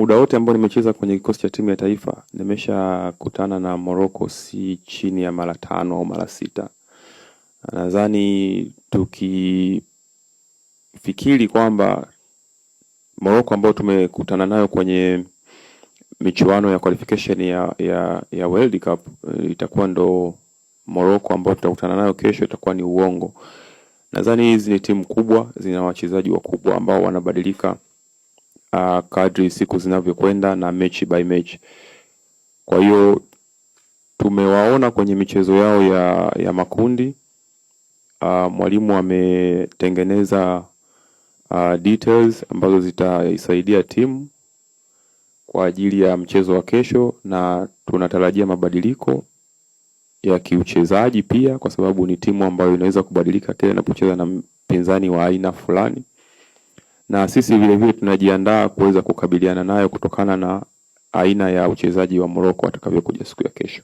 muda wote ambao nimecheza kwenye kikosi cha timu ya taifa nimeshakutana na Morocco si chini ya mara tano au mara sita. Nadhani tukifikiri kwamba Morocco ambayo tumekutana nayo kwenye michuano ya qualification ya, ya, ya World Cup eh, itakuwa ndo Morocco ambayo tutakutana nayo kesho, itakuwa ni uongo. Nadhani hizi ni timu kubwa, zina wachezaji wakubwa ambao wanabadilika uh, kadri siku zinavyokwenda na mechi by mechi. Kwa hiyo tumewaona kwenye michezo yao ya, ya makundi uh, mwalimu ametengeneza uh, details ambazo zitaisaidia timu kwa ajili ya mchezo wa kesho, na tunatarajia mabadiliko ya kiuchezaji pia, kwa sababu ni timu ambayo inaweza kubadilika kile inapocheza na mpinzani wa aina fulani na sisi vilevile tunajiandaa kuweza kukabiliana nayo kutokana na aina ya uchezaji wa Morocco atakavyokuja siku ya kesho.